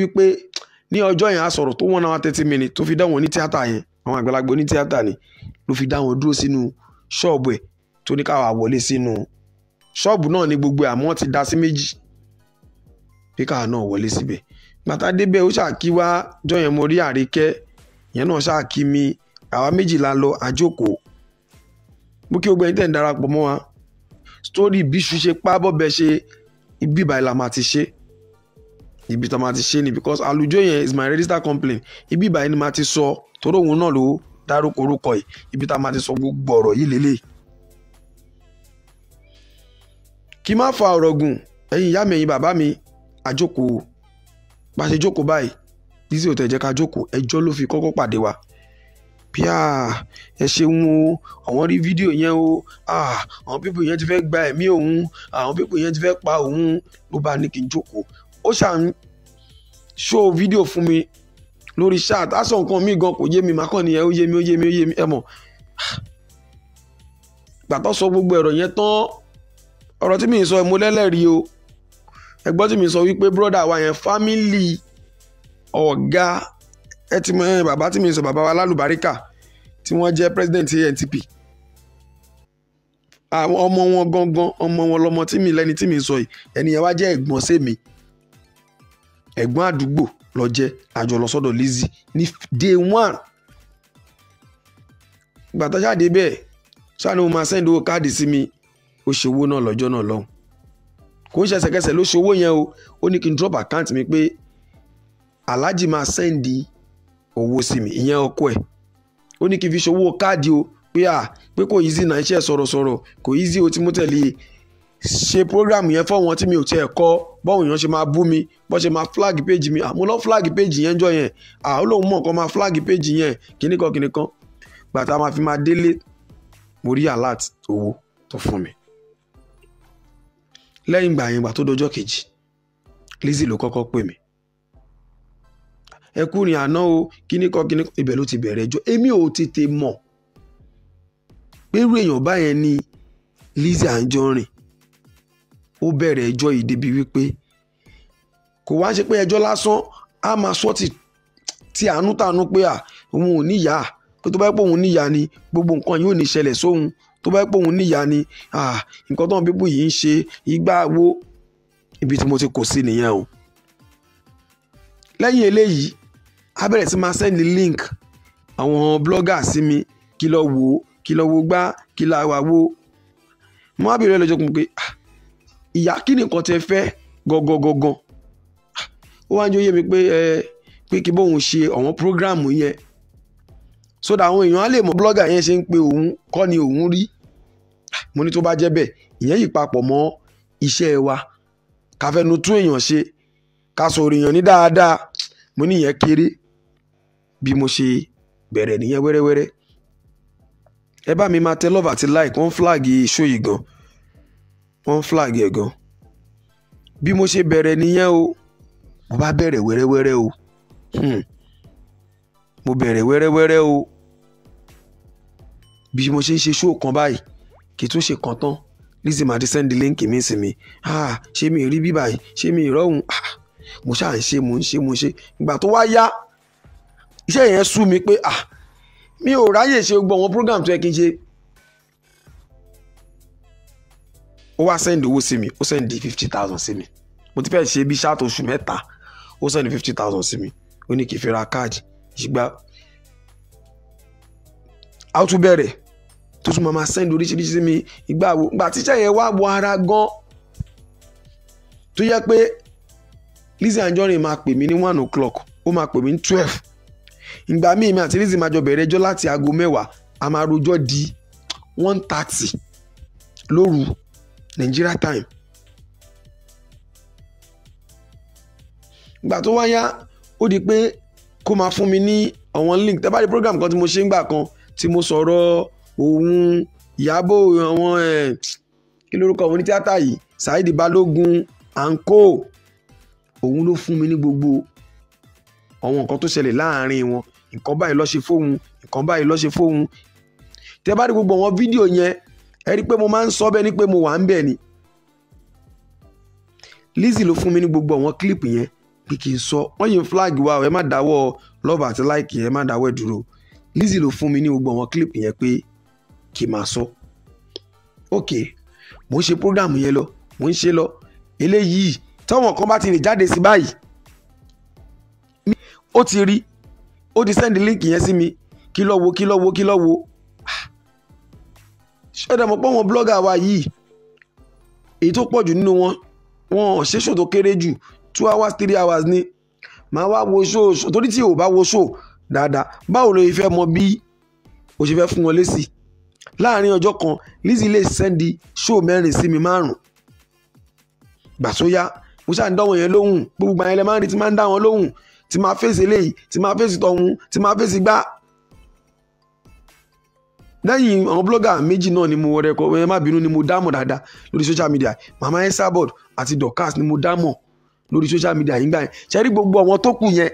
wípé ní ọjọ́ yẹn a sọ̀rọ̀ tó one hour thirty minutes tó fi dá wọn ní tíátà yẹn àwọn àgbàlagbà oní tíátà ni ló fi dá wọn dúró sínú ṣọ́ọ̀bù ẹ̀ tó ní káwa wọlé sínú ṣọ́ọ̀bù náà ní gbogbo àmọ́ ti dá sí méjì pé káwa náà wọlé síbẹ̀ bàtà débẹ̀ ó ṣàkí wá jọyẹn mo rí àríkẹ́ ìyẹn náà ṣàkí mi àwa méjì la lọ àjókòó mú kí gbogbo ẹni tẹ̀ ń darapọ̀ mọ́ wa sítórì bí ṣe pa bọ́bẹ ṣe bíbá ìlà máa ti ṣe ibi tó máa ti ṣe ni because àlùjọ yẹn is my register complaint ibi ìbàyẹn ni máa ti sọ Toro òun náà ló dárúkọ orúkọ yìí ibi tá a máa ti sọ gbogbo ọ̀rọ̀ yìí lélẹ̀. kí má fa ọ̀rọ̀ gùn ẹ̀yin ìyá mi ẹ̀yin bàbá mi àjókòó bá a ṣe jókòó báyìí Lizzy ò tẹ̀ jẹ́ ká jókòó ẹjọ́ ló fi kọ́kọ́ pàdé wa pia ẹ ṣeun o àwọn rí fídíò yẹn o àwọn pípò yẹn ti fẹ́ gba ẹ̀mí òun àwọn pípò yẹn ti fẹ́ pa òun ló bá ní kí n jókòó ó ṣàn ṣó fídíò fún mi lórí chat aṣọ nǹkan mi gan kò yé mi màá kàn nìyẹn ó yé mi ó yé mi ó yé mi ẹ mọ̀ gbàtọ́ sọ gbogbo ẹ̀rọ yẹn tán ọ̀rọ̀ tí mi sọ ẹ̀ mo lẹ́lẹ́rìí o ẹgbọ́n tí mi sọ wípé brọ́dà wa yẹn fámìlì ọ̀gá ẹ ti mọ bàbá tí mi sọ bàbá wa lálùbáríkà tí wọ́n jẹ́ president ANTP àwọn ọmọ wọn gangan ọmọ wọn lọmọ tí mi lẹ́ni tí mi sọ yìí ẹni yẹn wá jẹ́ ẹ̀gbọ́n mi. ẹ̀gbọ́n àdúgbò lọ jẹ́ àjọ lọ sọ́dọ̀ ní day one gbàtà jáde bẹ́ẹ̀ ṣáà mo máa sẹ́ńdì káàdì sí mi ó ṣe owó náà lọ́jọ́ náà lọ́hùn kò ń ló ṣe owó yẹn o ó drop account mi pé alhaji máa sendi owó sí mi ìyẹn ọkọ ẹ̀ ó ní kí n fi káàdì o pé à pé kò easy náà iṣẹ́ sọ̀rọ̀sọ̀rọ̀ kò o e. ṣe program yẹn fọ́wọn tí mi ò tiẹ̀ kọ́ bọ́wọ̀n èèyàn ṣe máa bú mi bọ́ ṣe máa flag page mi àmọ́ lọ́ flag page yẹn jọ yẹn àwọn olóhùn mọ̀ kan máa flag page yẹn kìnnìkan kìnnìkan gbàtà máa fi máa délé mo rí alert owó tó fún mi lẹ́yìn ìgbà yẹn ìgbà tó dọjọ́ kejì Lizzy ló kọ́kọ́ pè mí ẹ kú rìn àná o kìnnìkan kìnnìkan ibẹ̀ ló ti bẹ̀rẹ̀ ẹjọ́ èmi ò tètè mọ̀ pé irú èèyàn báyẹn ni Lizzy Anjorin ó bẹ̀rẹ̀ ẹjọ́ yìí débi wípé kò wá ṣe pé ẹjọ́ lásán á máa sọ ti ti àánú tàánú pé à òun ò níyà pé tó bá pé òun níyà ni gbogbo nǹkan yóò ní ṣẹlẹ̀ sóhun tó bá pé òun níyà ni nǹkan tó ń bíbù yìí ń ṣe ìgbà wo ibi tí mo ti kò sí nìyẹn o lẹ́yìn eléyìí a bẹ̀rẹ̀ sí máa send link àwọn blogger sí mi kí lọ wò ó kí lọ wo gbá kí lọ wà wo mo á bèrè lọ́jọ́ pé ah ìyá kí ni nǹkan tẹ fẹ́ gangan gangan ó wá ń jẹ́ yé mi pé ẹ pé kí bóun ṣe àwọn prógráàmù yẹn so that àwọn èèyàn á lè mọ blogger yẹn ṣe ń pe òun kọ́ ni òun rí mo ní tó bá jẹ́ bẹ́ẹ̀ ìyẹn yìí papọ̀ mọ́ iṣẹ́ wa ká fẹnu tún èèyàn ṣe ká sọ̀rọ̀ èèyàn ní dáadáa mo ní ìyẹn kéré bí mo ṣe bẹ̀rẹ̀ nìyẹn wẹ́rẹ́wẹ́rẹ́ ẹ bá mi máa tẹ love àti like wọ́n flag show yìí gan-an wọ́n ń flag ẹ̀ gan bí mo ṣe bẹ̀rẹ̀ nìyẹn o mo bá bẹ̀rẹ̀ wẹ́rẹ́wẹ́rẹ́ o hmm. mo bẹ̀rẹ̀ wẹ́rẹ́wẹ́rẹ́ o bí mo ṣe ń ṣe ṣóò kan báyìí kì í tún ṣe kan tán Lizzy máa ti sẹ́ndí líǹkì mi sí mi ah, ṣé mi rí bí báyìí ṣé mi rọ́hùn ah, mo ṣáà ń ṣe mo ń ṣe mo ń ṣe ìgbà tó wá yá iṣẹ́ yẹn sú mi pé ah, mi ò ráyè ṣe gbọ́ àwọn program tó yẹ kí n ṣe ó wá sẹ́ndì owó sí mi ó sẹ́ndì fifty thousand sí mi mo ti fẹ́ ṣe bí ṣáàtò oṣù mẹ́ta ó sẹ́ndì fifty thousand sí mi ó ní kí n fi ra káàdì ìgbà a ó tún bẹ̀rẹ̀ tó tún máa sẹ́ndì oríṣiríṣi sí mi ìgbà wo ìgbà tíṣẹ́ yẹn wá wọ ara gan tó yẹ pé Lizzy Anjorin máa pè mí ní one o'clock ó máa pè mí ní twelve ìgbà míì mi àti Lizzy máa jọ bẹ̀rẹ̀ ẹjọ́ láti aago mẹ́wàá a máa rojọ́ di one thirty lóru Nigeria time ìgbà tó wáyá ó di pé kó máa fún mi ní àwọn link tẹ́ bá rí program kan tí mo ṣe ń gbà kan tí mo sọ̀rọ̀ òun ìyábọ̀ àwọn kí lórúkọ àwọn onítìátà yìí Saheed Balogun anko òun ló fún mi ní gbogbo àwọn nǹkan tó ṣẹlẹ̀ láàrin wọn nǹkan báyìí ló ṣe fóun nǹkan báyìí ló ṣe fóun tẹ́ bá rí gbogbo àwọn fídíò yẹn ẹ rí i pé mo máa ń sọ bẹ́ẹ̀ ni pé mo wà ń bẹ̀ ni Lizzy ló fún mi ní gbogbo àwọn kílípù yẹn pé kí n sọ wọ́n yìí flag wa ẹ má dáwọ́ love àti like yẹn ẹ má dáwọ́ ẹ dúró Lizzy ló fún mi ní gbogbo àwọn kílípù yẹn pé kí n máa sọ ok mo ń ṣe prógrámù yẹn lọ mo ń ṣe lọ eléyìí táwọn kan bá ti rìn jáde sí báyìí ó ti rí ó ti send link yẹn sí mi kí lọ wo kí lọ wo kí lọ wo ṣẹ́dá mọ̀ pé àwọn blọ́gà wa yìí èyí tó pọ̀ jù nínú wọn wọn ò ṣe ṣòtò kéré jù two hours three hours ni màá wá wo ṣóòṣó torí tí ò bá wo ṣóò dáadáa báwo ló fẹ́ mọ bí o ṣe fẹ́ fún wọn lésì láàrin ọjọ́ kan Lizzy lè sẹ́ndì ṣóò mẹ́rin sí mi márùn-ún gbà tó yá mo ṣáà ń dá wọn yẹn lóhùn gbogbo àyẹ̀lẹ̀ máa ń rí ti máa ń dá wọn lóhùn ti máa fèsì eléyìí ti máa fèsì tọ̀hún ti máa fèsì gbá lẹ́yìn àwọn blọ́gà méjì náà ni mo rẹkọ ẹ má bínú ni mo dámọ̀ dáadáa lórí social media mama board, àti dorcas ni mo dámọ̀ lórí social media yìí gbà yẹn ṣe rí gbogbo àwọn tó kù yẹn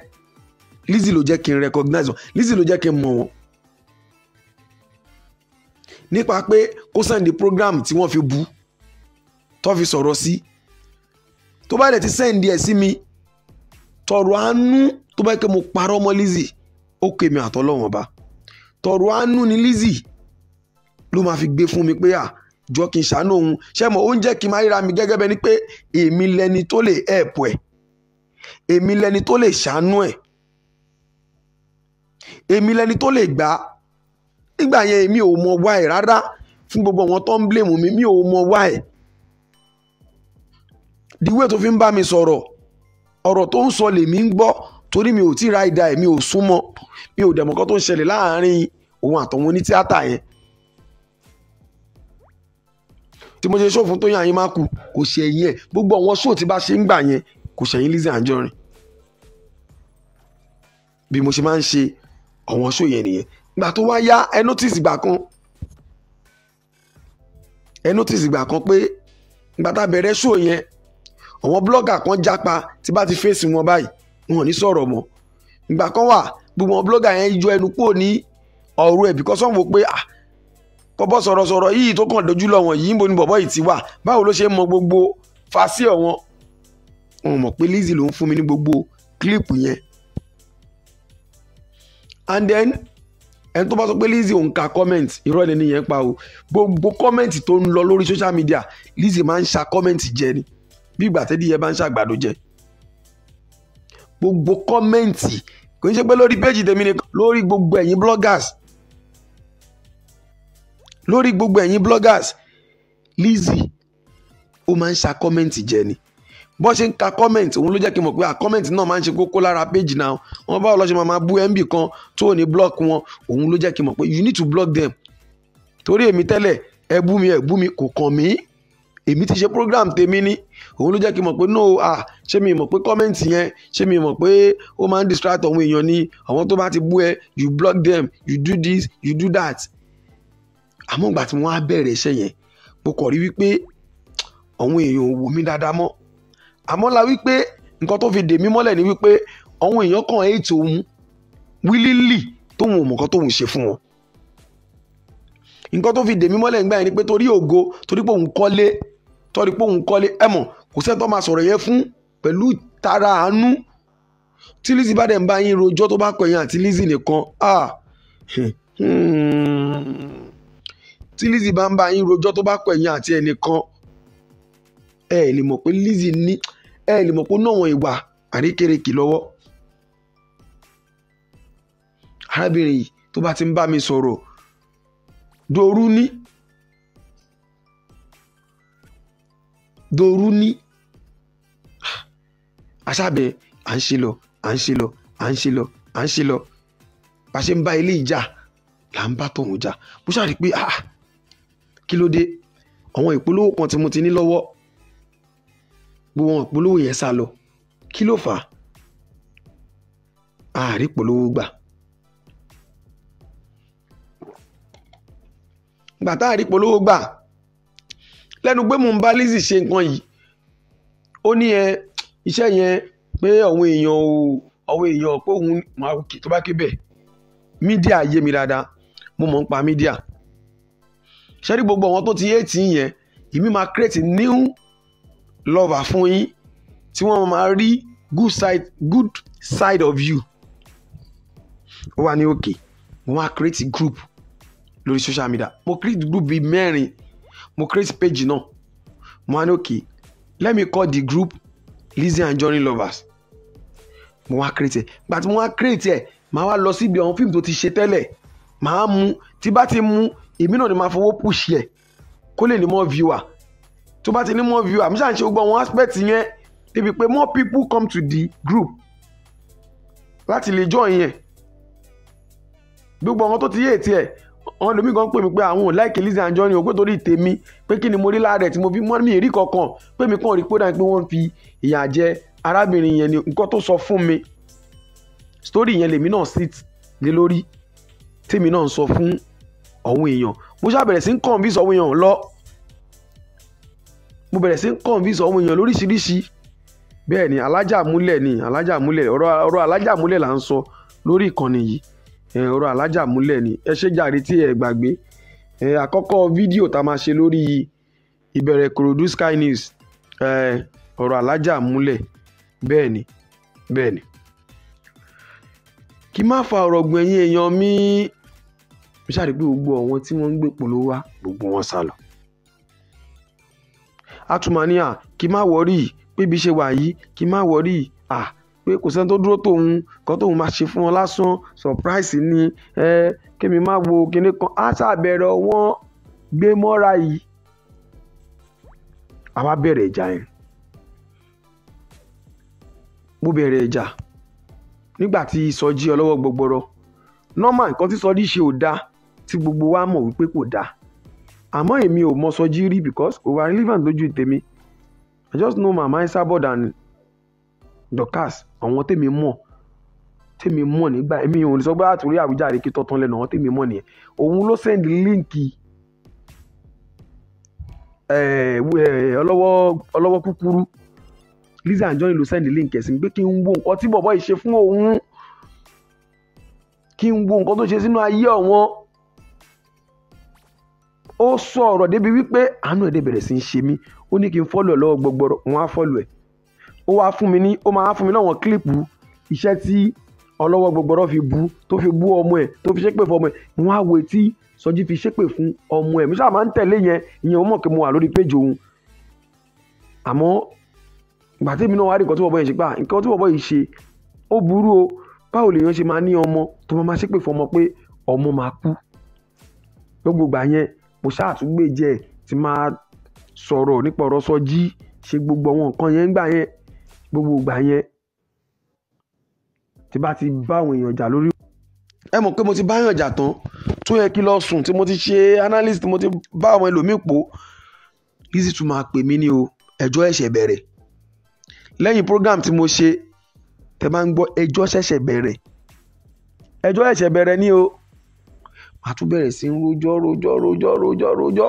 Lizzy ló jẹ́ kí n recognize wọn Lizzy ló jẹ́ kí n mọ̀ wọn. nípa pé kó sẹ́ndì program tí wọ́n fi bu tó fi sọ̀rọ̀ sí tó bá dẹ̀ ti sẹ́ndì ẹ̀ sí mi tọrọ àánú tó bá yẹ kí mo parọ́ mọ́ Lizzy ó kèmí àtọ́lọ́wọ̀n ba tọrọ àánú ni Lizzy ló máa fi gbé fún mi pé à jọ kí n ṣàánú òun ṣé mo ó ń jẹ́ kí n máa ríra mi gẹ́gẹ́ bẹ́ẹ̀ ni pé èmi lẹni tó lè ẹ̀pù ẹ̀ èmi lẹni tó lè ṣàánú ẹ̀ èmi lẹni tó lè gbà á nígbà yẹn èmi ò mọ wá rárá fún gbogbo àwọn tó ń blame mi mi ò mọ wá díwé tó fi ń bá mi sọ̀rọ̀ ọ̀rọ̀ tó ń sọ lèmi ń gbọ́ torí mi ò tí ra ìdá ẹ̀ mi ò súnmọ́ mi ò dẹ̀mọ̀kọ́ tó ń ṣẹlẹ̀ láàárín òun àtọ̀wọn onítíátà yẹn tí mo ṣe ṣó fún Tóyìn Àyìnmákù kò ṣe ẹ̀yìn ẹ̀ gbogbo àwọn ṣó tí bá ṣe ń gbà yẹn kò ṣẹ̀yìn Lizzy Anjorin bí mo ṣe máa ń ṣe àwọn ṣó yẹn nìyẹn ìgbà tó wá yá ẹ notice ìgbà kan ẹ notice ìgbà kan pé ìgbà tá a bẹ̀rẹ̀ ṣó yẹn àwọn blọ́gà kan jápa tí bá ti fèsì wọn báyìí wọn ò ní sọ̀rọ̀ mọ́ ìgbà kan wà gbogbo àwọn blọ́gà yẹn yọ ẹnu kúrò ní ọ̀rọ̀ ẹ̀ bìkọ́sọ̀ wọ́n pé ah bọ́bọ́ sọ̀rọ̀sọ̀rọ̀ yìí tó kàn dojú lọ wọn yìí níbo ni bọ̀bọ́ yìí ti wà báwo ló ṣe mọ gbogbo fàṣíọ̀ wọn wọn mọ̀ pé Lizzy ló ń fún mi ní gbogbo kílípù yẹn and then ẹni tó bá sọ pé Lizzy òun ka comment irọ́ ni nìyẹn pa o gbogbo comment tó ń lọ lórí social media Lizzy máa ń ṣa comment jẹ ni bí ìgbà tẹ́lẹ̀ yẹn bá ń ṣàgbàdo jẹ gbogbo kọ́mẹ́ǹtì kò ń ṣe pé lórí péjì tèmi nìkan lórí gbogbo ẹ̀yin bloggers lórí gbogbo ẹ̀yin bloggers Lizzy ó máa ń ṣa kọ́mẹ́ǹtì jẹ ni bọ́n ṣe ń ka kọ́mẹ̀ntì òun ló jẹ́ kí n mọ̀ pé àkọ́mẹ̀ntì ah, náà máa ń ṣe kókó lára péjì náà wọ́n báwo lọ́ máa bú mb kan tó ní block wọn òun ló jẹ́ kí n mọ̀ pé you need to block them torí èmi tẹ́lẹ̀ ẹ bú mi ẹ bú mi kò kàn mí èmi ti ṣe program tèmi ni òun ló jẹ́ kí n mọ̀ pé no ah ṣé mi mọ̀ pé kọ́mẹ̀ntì yẹn ṣé mi mọ̀ pé ó máa ń distract àwọn èèyàn ni àwọn tó bá ti bú ẹ you block them you do this you do that àmọ́ ìgbà tí wọ́n á bẹ̀rẹ̀ iṣẹ́ yẹn mo kọ̀ rí wípé àwọn èèyàn ò wò mí dáadáa mọ́ àmọ́ la wípé nǹkan tó fi dè mí mọ́lẹ̀ ni wípé àwọn èèyàn kàn éè tó òun wílílì tóun ò mọ̀ nǹkan tóun ṣe fún wọn nǹkan tó fi dè mí mọ́lẹ̀ nígbà yẹn ni pé torí ògo torí pé òun kọ́lé torí pé òun kọ́lé ẹ mọ̀ kò sẹ́ni máa sọ̀rọ̀ yẹn fún pẹ̀lú tara àánú tí Lizzy bá dẹ̀ ń bá yín rojọ́ tó bá kọ yẹn àti Lizzy nìkan ah, hmm, hmm tí Lizzy bá ń bá yín rojọ́ tó bá pẹ̀ yín àti ẹnìkan ẹ ẹ lè mọ̀ pé Lizzy ní ẹ ẹ lè mọ̀ pé ó náwọn ìwà àríkèrèkè lọ́wọ́ arábìnrin yìí tó bá ti ń bá mi sọ̀rọ̀ dòru ní dòru ní àṣàbẹ̀ à ń ṣe lọ à ń ṣe lọ à ń ṣe lọ à ń ṣe lọ bá ṣe ń bá ilé ìjà là ń bá tọ̀hún jà bó ṣàrí pé ah kí ló dé àwọn ìpolówó kan tí mo ti ní lọ́wọ́ gbogbo àwọn ìpolówó yẹn sá lọ kí ló fà á àárí ìpolówó gbà gbà tá àárí ìpolówó gbà lẹ́nu pé mo ń bá Lizzy ṣe nǹkan yìí ó ní ẹ iṣẹ́ yẹn pé àwọn èèyàn ò àwọn èèyàn pé òun máa tó bá ké bẹ́ẹ̀ mídíà yé mi dáadáa mo mọ̀ ń pa mídíà ṣẹ́rí gbogbo àwọn tó ti eighteen yẹn èmi máa create new lover fún yín tí wọ́n máa rí good side good side of you ó wà ní òkè mo máa create group lórí social media mo create group bíi mẹ́rin mo create page náà mo wá ní òkè let me call the group Lizzie and Johnny lovers mo wá create ẹ̀ gbàtí mo wá create ẹ̀ màá wá lọ síbi àwọn fíìmù tó ti ṣe tẹ́lẹ̀ màá mu tí bá ti mu èmi náà ni máa fowó push ẹ̀ kó lè ní more viewer tó bá ti ní more viewer àmì sáà ń ṣe gbogbo àwọn aspect yẹn débi pé more people come to the group láti lè join yẹn gbogbo àwọn tó ti yé ètí ẹ̀ àwọn lomi gan pè mí pé àwọn ò láìkè Lizzy Anjorin o pé torí tèmi pé kí ni mo rí lára ẹ̀ tí mo fi mọ́ mi èrí kankan pé mi kàn rí pé dáhùn pé wọ́n fi ìyà jẹ arábìnrin yẹn ni nǹkan tó sọ fún mi story yẹn lèmi náà sit lé lórí tèmi náà sọ fún ọ̀hún èèyàn mo ṣàbẹ̀rẹ̀ sí ń convince ọ̀hún èèyàn lọ mo bẹ̀rẹ̀ sí ń convince ọ̀hún èèyàn lóríṣiríṣi bẹ́ẹ̀ ni alájà múlẹ̀ ni alájà múlẹ̀ ọ̀rọ̀ alájà múlẹ̀ là ń sọ lórí ìkànnì yìí ọ̀rọ̀ alájà múlẹ̀ ni ẹ ṣe jàre tí ẹ gbàgbé àkọ́kọ́ fídíò tá a máa ṣe lórí ìbẹ̀rẹ̀ Ìkòròdú Sky News ọ̀rọ̀ alájà múlẹ̀ bẹ́ẹ̀ ni bẹ́ẹ̀ ni kí má fa ọ̀rọ̀ gbẹ̀yìn èèyàn mi mo ṣáà rí pé gbogbo àwọn tí wọ́n ń gbé polówó wá gbogbo wọn sá lọ. atumania kí má wọrí pé ibi ṣe wà yìí kí má wọrí à pé kò sẹ́ni tó dúró tòun kan tóun máa ṣe fún wọn lásán surprise ni ẹ kémi má wo kinní kan á ṣàbẹ̀rẹ̀ wọn gbé mọ́ra yìí a wá bẹ̀rẹ̀ ìjà yẹn mo bẹ̀rẹ̀ ìjà nígbà tí ìsọjí ọlọ́wọ́ gbọgbọrọ normal nǹkan tí sọdí ṣe ò dáa tí gbogbo wa mọ̀ wípé kò dáa àmọ́ èmi ò mọ Sọjí rí because kò wá relevant lójú tèmi I just know my Mama Esabod and Dorkas àwọn tèmi mọ̀ tèmi mọ̀ nígbà èmi ò ní sọ pé àtúrí Àwùjáre kí tọ́tán lẹ́nu àwọn tèmi mọ̀ nìyẹn òun ló send líǹkì eh, eh, ọlọ́wọ́ kúkúrú Lizzy Anjorin ló send líǹkì ẹ̀sìn pé kí n wo nǹkan tí bọ̀bọ̀ yìí ṣe fún òun kí n wo nǹkan tó ṣe sínú ayé ọ̀wọ́n ó sọ ọ̀rọ̀ débi wípé àánú ẹ̀dẹ̀ bẹ̀rẹ̀ sí í ṣe mí ó ní kí n fọ́lù ẹ̀ lọ́wọ́ gbọgbọrọ wọn á fọ́lù ẹ̀ ó wá fún mi ní ó máa fún mi láwọn kílípù iṣẹ́ tí ọlọ́wọ́ gbọgbọrọ fi bú tó fi bú ọmọ ẹ̀ tó fi ṣépè fún ọmọ ẹ̀ wọn á wo etí sọjí fi ṣépè fún ọmọ ẹ̀ mi sábà máa ń tẹ̀lé yẹn ìyẹn ó mọ̀ kí mo wà lórí péjì òun àmọ́ ìgbà tí èmi náà wá rí nǹkan tí bọ̀bọ̀ yìí ṣe gbà nǹkan tí bọ̀bọ̀ yìí ṣe ó burú o báwo lèèyàn ṣe máa ní ọmọ tó máa ṣépè fún ọmọ pé ọmọ máa kú gbogbo ìgbà yẹn mo ṣàtúngbè jẹ tí máa sọ̀rọ̀ nípa ọ̀rọ̀ sọjí ṣe gbogbo àwọn nǹkan yẹn ńgbà yẹn gbogbo ìgbà yẹn tí bá ti bá àwọn èèyàn jà lórí. ẹ mọ̀ pé mo ti bá èèyàn jà tán tó yẹ kí lọ sùn tí mo ti ṣe analyst tí mo ti bá àwọn ẹlòmíì pò Lizzy tún máa pè mí ní o ẹjọ́ ẹ̀ṣẹ̀ bẹ̀rẹ̀ lẹ́yìn program tí mo ṣe tẹ máa ń gbọ́ ẹjọ́ ṣẹ̀ṣẹ̀ bẹ̀rẹ̀ ẹjọ́ ẹ̀ṣẹ̀ bẹ̀rẹ̀ ní o wàá tún bẹ̀rẹ̀ sí ń rojọ́ rojọ́ rojọ́ rojọ́ rojọ́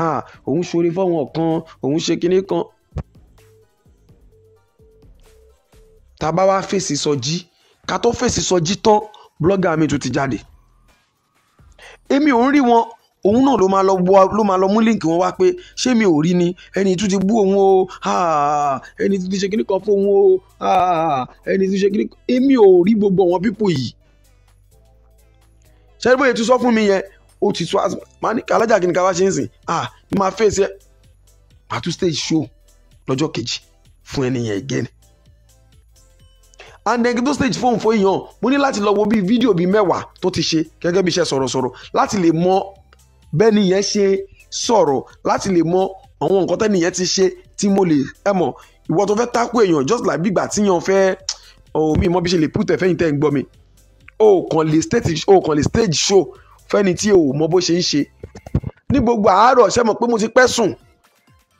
ah, òun ṣoore fáwọn kan òun ṣe kinní kan tá a bá wá fèsì sọjí ká tó fèsì sọjí tán blọ́gà mi tún ti jáde èmi ò ń rí wọn òun náà ló máa lọ bọ ló máa lọ mú líǹkì wọn wá pé ṣé mi ò rí ni ẹni tún ti bú òun o ah, ẹni tún ti ṣe kíní kan fún òun o ah, ẹni tún ṣe kíní kan èmi ò rí gbogbo àwọn pípò yìí ṣẹ́ni bóyá ti sọ fún mi yẹn ó ti sọ máa ní alájà kí ni ká wá ṣe ń sìn ah mo máa fèsì ẹ máa tún stage show lọ́jọ́ kejì fún ẹni again and then kí tó stage fóun fún èèyàn mo ní láti lọ wo bíi fídíò bíi mẹ́wàá tó ti ṣe gẹ́gẹ́ bí iṣẹ́ sọ̀rọ̀sọ̀rọ̀ láti lè mọ bẹ́ẹ̀ ni yẹn ṣe sọ̀rọ̀ láti lè mọ àwọn nǹkan tẹ́ni yẹn ti ṣe tí mo lè ẹ mọ̀ ìwọ tó fẹ́ tákù èèyàn just like bí ìgbà tíyàn fẹ́ omi ìmọ̀ bí ṣe lè put ẹ̀fẹ́yìntẹ́ ń gbọ́ mi o kàn le stage o kàn le stage show fẹ́ni tí o mọ bó ṣe ń ṣe ní gbogbo àárọ̀ ṣe mọ̀ pé mo ti pẹ́ sùn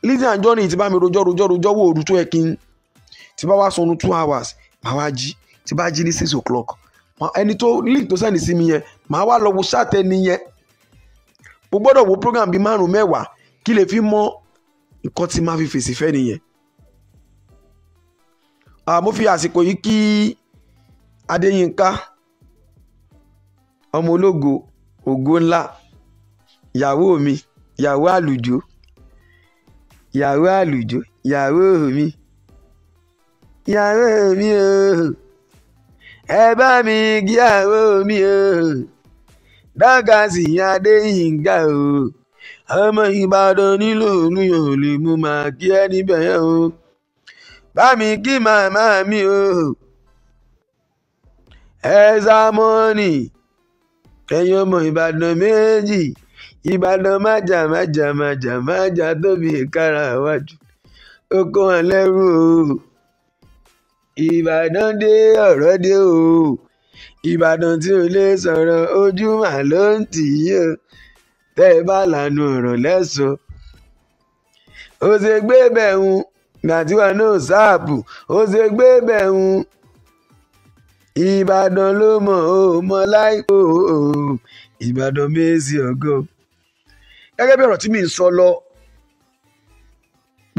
Lizzy Anjorin ti bá mi rojọ́ rojọ́ rojọ́ wo òru tó yẹ kí n ti bá wá sọnù two hours màá wá jí ti bá jí ní six o'clock ẹni tó link tó sẹ́ni sí mi yẹn màá wá lọ wo ṣáàtẹ nìyẹn mo gbọ́dọ̀ wo program bíi márùn mẹ́wàá kí lè fi mọ nǹkan tí máa fi fèsì fẹ́ nìyẹn ah, mo fi àsìkò yìí kí Adéyínká ọmọ ológo ògo ńlá ìyàwó mi ìyàwó àlùjọ ìyàwó àlùjọ ìyàwó mi ìyàwó mi ooo ẹ bá mi gíyàwó mi ooo dágàsì adéyìnká ooo ọmọ ìbàdàn nílò mi ò lè mú màá kí ẹ níbẹ̀ yẹn o bá mi kí màmá mi ooo ẹ sá mọ́ọ̀nì. ẹ̀yin ọmọ ìbàdàn méjì ìbàdàn májà májà májà májà tóbi ìkárà wájú ó wọn lẹ́rù o ìbàdàn dé ọ̀rọ̀ dé o ìbàdàn tí o lè sọ̀rọ̀ ojú mà ló ń tì í o tẹ́ ẹ bá lànà ìbàdàn ló mọ̀ ó mọ̀ láìpò ìbàdàn méjì ọgọ́. gẹ́gẹ́ bí ọ̀rọ̀ tí mi ń sọ lọ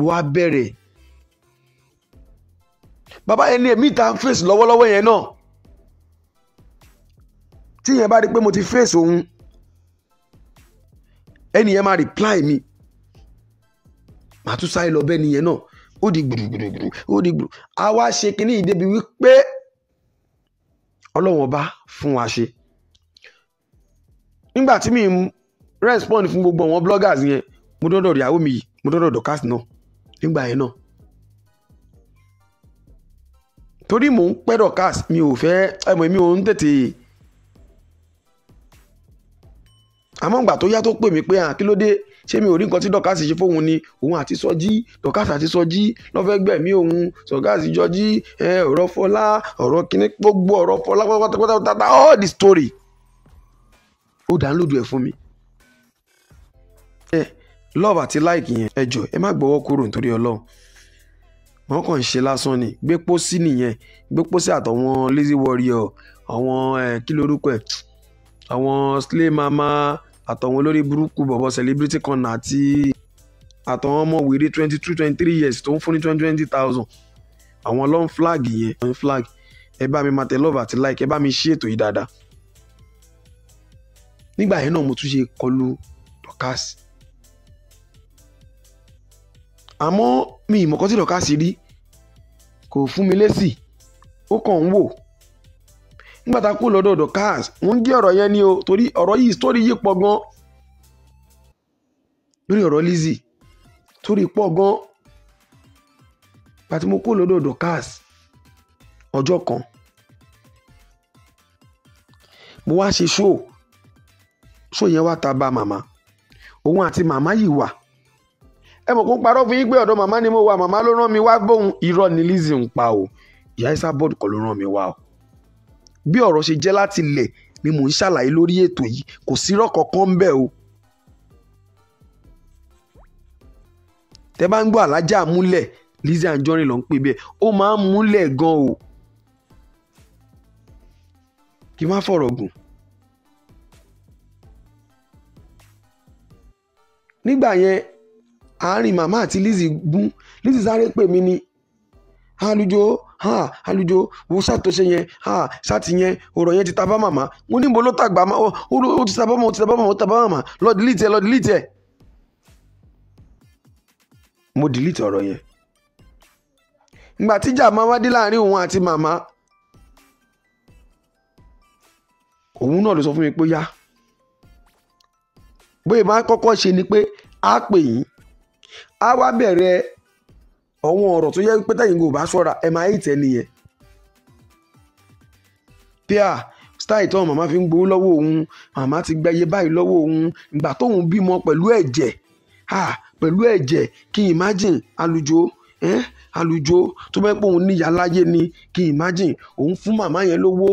wá bẹ̀rẹ̀ bàbá yẹn ní èmi ìta ń fèsì lọ́wọ́lọ́wọ́ yẹn náà tí yẹn bá rí i pé mo ti fèsì òun ẹni yẹn máa reply mi màá tún sáré lọ bẹ́ẹ̀ nìyẹn náà ó di gbùdùgbùdùgbùdù ó di gbùdù àwa ṣe kínní ìdẹ́bi wípé ọlọ́run ọba fún wa ṣe nígbà tí mi respond fún gbogbo àwọn bloggers yẹn mo dọ́dọ̀ ìyàwó mi yìí mo dọ́dọ̀ dọ́kàs náà nígbà yẹn náà torí mò ń pẹ́ dọ́kàs mi ò fẹ́ ẹ̀mọ̀ mi ò ń tètè àmọ́ ìgbà tó yá tó pè mí pé hàn ṣé mi ò rí nǹkan tí dọ́kàsì ṣe fóun ni òun àti sọjí dọ́kàsì àti sọjí lọ́fẹ́ gbẹ̀mí òun sọ̀gáàsì jọjí ọ̀rọ̀ fọlá ọ̀rọ̀ kìnní gbogbo ọ̀rọ̀ fọlá pátápátá all the story ó download ẹ̀ fún mi. ẹ love àti like yẹn ẹ jọ ẹ má gbọ́wọ́ kúrò nítorí ọlọ́run wọn kàn ń ṣe lásán ni gbé pósí nìyẹn gbé pósí àtọwọn lazy warrior àwọn ẹ kí lorúkọ ẹ àwọn slay mama àtọ̀wọn olórí burúkú bọ̀bọ̀ celebrity corner àti àtọ̀wọn ọmọ wèrè twenty two twenty three years tó ń fún ní twenty twenty thousand àwọn lọ́n flag yẹn lọ́n flag ẹ bá mi máa tẹ love àti like ẹ bá mi ṣí ètò yìí dáadáa. nígbà yẹn náà mo tún ṣe kọlu Dorkas àmọ́ mi ìmọ̀kọ́ tí Dorkas rí kò fún mi lésì ó kàn ń wò nígbà tá a kú lọ́dọ̀ Dorkas mo ń gé ọ̀rọ̀ yẹn ni o torí ọ̀rọ̀ yìí sórí yìí pọ̀ gan lórí ọ̀rọ̀ Lizzy torí pọ̀ gan pàtí mo kú lọ́dọ̀ Dorkas ọjọ́ kan mo wá ṣe ṣó ṣó yẹn wá ta bá màmá òun àti màmá yìí wà ẹ mọ̀ kó ń parọ́ fún yín pé ọ̀dọ̀ màmá ni mo wà màmá ló rán mi wá bóun irọ́ ni Lizzy ń pa o ìyá Ìsá bọ́ọ̀dù kọ́ ló rán mi wá o bí ọ̀rọ̀ ṣe jẹ́ láti lẹ̀ ni mò ń ṣàlàyé lórí ètò yìí kò sírọ́ kankan ń bẹ̀ o. tẹ́ bá ń gbọ́ alájà múlẹ̀ Lizzy Anjorin ló ń pè bẹ́ẹ̀ ó máa ń múlẹ̀ gan o kí má fọ̀rọ̀ gùn. nígbà yẹn àárín màmá àti Lizzy gún Lizzy sáré pè mí ni àlùjọ ha alujo wo sátó ṣe yẹn ha sátì yẹn ọ̀rọ̀ yẹn ti ta bá màmá mo níbo ló tàgbà o o ti ta bá màmá ó ti ta bá màmá ó ti ta bá màmá lọ delete ẹ lọ delete ẹ mo delete ọ̀rọ̀ yẹn ìgbà tíjà máa wá dé láàrin òun àti màmá òun náà ló sọ fún mi pé yá bóyá máa kọ́kọ́ ṣe ni pé á pè yín á wá bẹ̀rẹ̀ àwọn ọ̀rọ̀ tó yẹ pé tẹ̀yìn kò bá ṣọ́ra ẹ máa hate ẹni yẹn. pia style tó màmá fi ń gbowó lọ́wọ́ òun màmá ti gbẹ́yẹ báyìí lọ́wọ́ òun ìgbà tóun bímọ pẹ̀lú ẹ̀jẹ̀ pẹ̀lú ẹ̀jẹ̀ kí imagine àlùjọ eh? àlùjọ tó bẹ́ẹ̀ pé òun níyà láyé ni kí imagine òun fún màmá yẹn lówó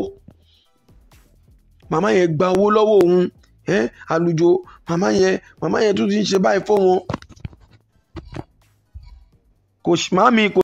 màmá yẹn gba owó lọ́wọ́ òun àlùjọ màmá yẹn màmá yẹn tún ti ń ṣe báyìí fọ́ wọn. Kushma मी कुष्मामी